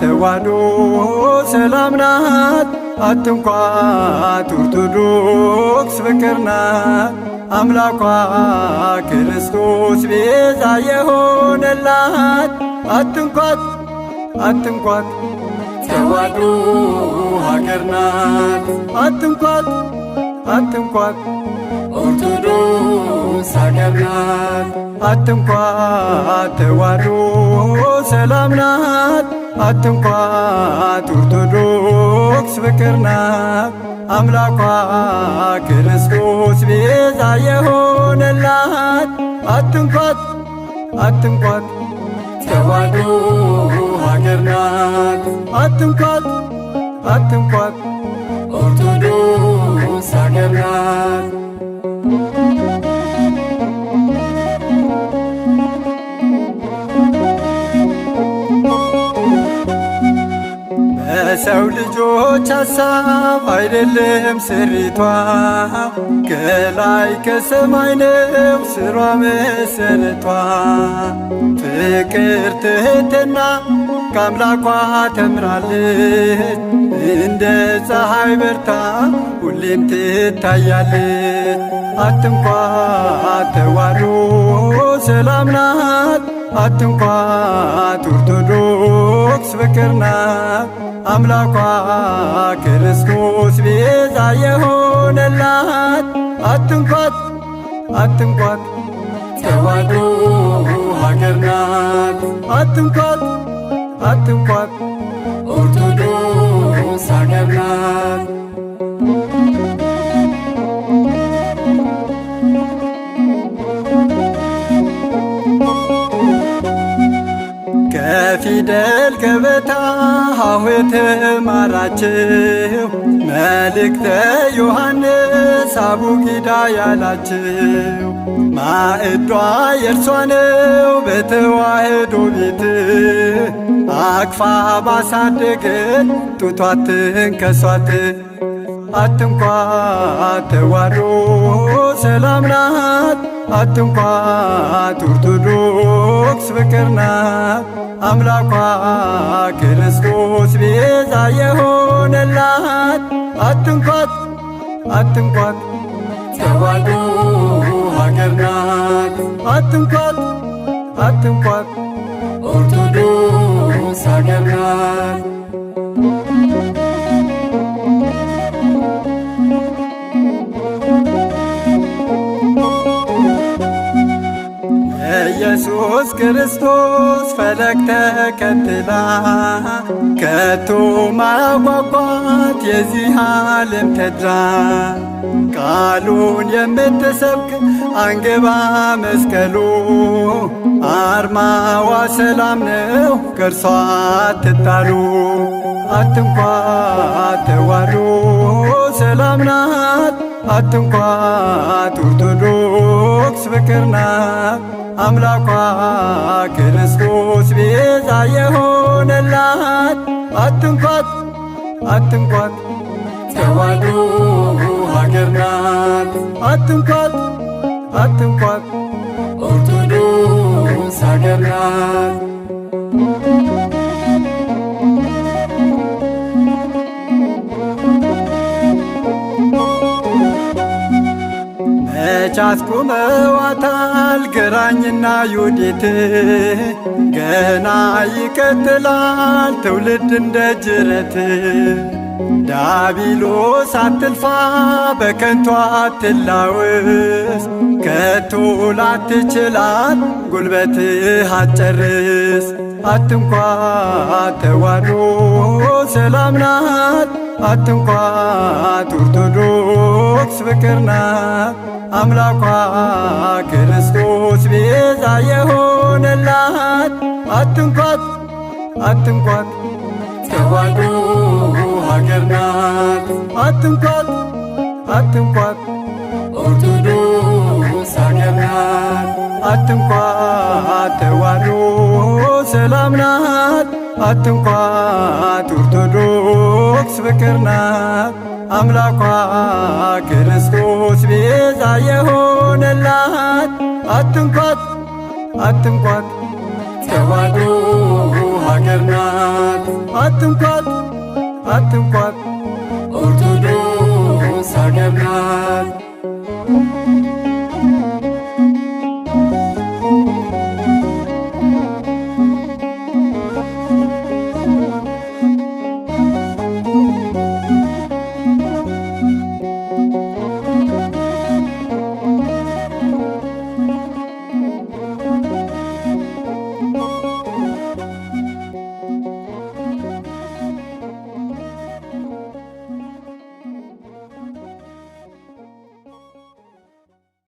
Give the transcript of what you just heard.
ተዋዶ ሰላም ናት፣ አትንኳት ኦርቶዶክስ ፍቅር ናት። አምላኳ ክርስቶስ ቤዛ የሆነላት አትንኳት አትንኳት ተዋዶ ሀገር ናት አትንኳት አትንኳት ኦርቶዶክስ ሀገር ናት። አትንኳ ተዋሕዶ ሰላም ናት፣ አትንኳት ኦርቶዶክስ ፍቅር ናት። አምላኳ ክርስቶስ ቤዛ የሆነላት አትንኳት አትንኳት ተዋሕዶ ሀገር ናት አትንኳት አትንኳት ኦርቶዶክስ ሀገር ናት። የሰው ልጆች ሐሳብ አይደለም ስሪቷ ከላይ ከሰማይ ነው ስሯ መሰረቷ ፍቅር ትህትና ከአምላኳ ተምራለች እንደ ፀሐይ በርታ ሁሌም ትታያለች አትንኳ ተዋዶ ሰላም ናት አትንኳት ኦርቶዶክስ ፍቅር ናት አምላኳ ክርስቶስ ቤዛ የሆነላት አትንኳት አትንኳት ተዋሕዶ ሀገር ናት አትንኳት አትንኳት በፊደል ገበታ ሀሁ የተማራችሁ መልእክተ ዮሐንስ አቡጊዳ ያላችሁ ማዕዷ የእርሷ ነው በተዋህዶ ቤት አቅፋ ባሳደገን ጡቷትን ከሷት አትንኳ ተዋህዶ ሰላምና አትንኳት ኦርቶዶክስ ፍቅር ናት አምላኳ ክርስቶስ ቤዛ የሆነላት አትንኳት አትንኳት ተዋሕዶ ሀገር ናት አትንኳት አትንኳት ኦርቶዶክስ ኢየሱስ ክርስቶስ ፈለግ ተከትላ ከቶ ማያጓጓት የዚህ ዓለም ተድራ ቃሉን የምትሰብክ አንግባ መስቀሉ አርማዋ ሰላም ነው ከእርሷ አትጣሉ አትንኳ አትዋሉ ሰላምና አትንኳት ኦርቶዶክስ ፍቅር ናት አምላኳ ክርስቶስ ቤዛ የሆነላት አትንኳት አትንኳት ተዋሕዶ ሀገር ናት አትንኳት አትንኳት ኦርቶዶክስ ሀገር ናት አስቁመዋታል ግራኝና ዩዲት ገና ይቀጥላል ትውልድ እንደ ጅረት ዳቢሎስ አትልፋ በከንቱ አትላውስ ከቶ ላትችላት ጉልበትህ አትጨርስ አትንኳ ተዋዶ ሰላም ናት አትንኳት ኦርቶዶክስ ፍቅር ናት አምላኳ ክርስቶስ ቤዛ የሆነላት አትንኳት አትንኳት ተዋሕዶ ሀገር ናት አትንኳት አትንኳት ኦርቶዶክስ ሀገር ናት አትንኳት ተዋሕዶ ሰላም ናት አትንኳት ኦርቶዶክስ ፍቅር ናት አምላኳ ክርስቶስ ቤዛ የሆነላት። አትንኳት አትንኳት ተዋሕዶ ሀገር ናት አትንኳት አትንኳት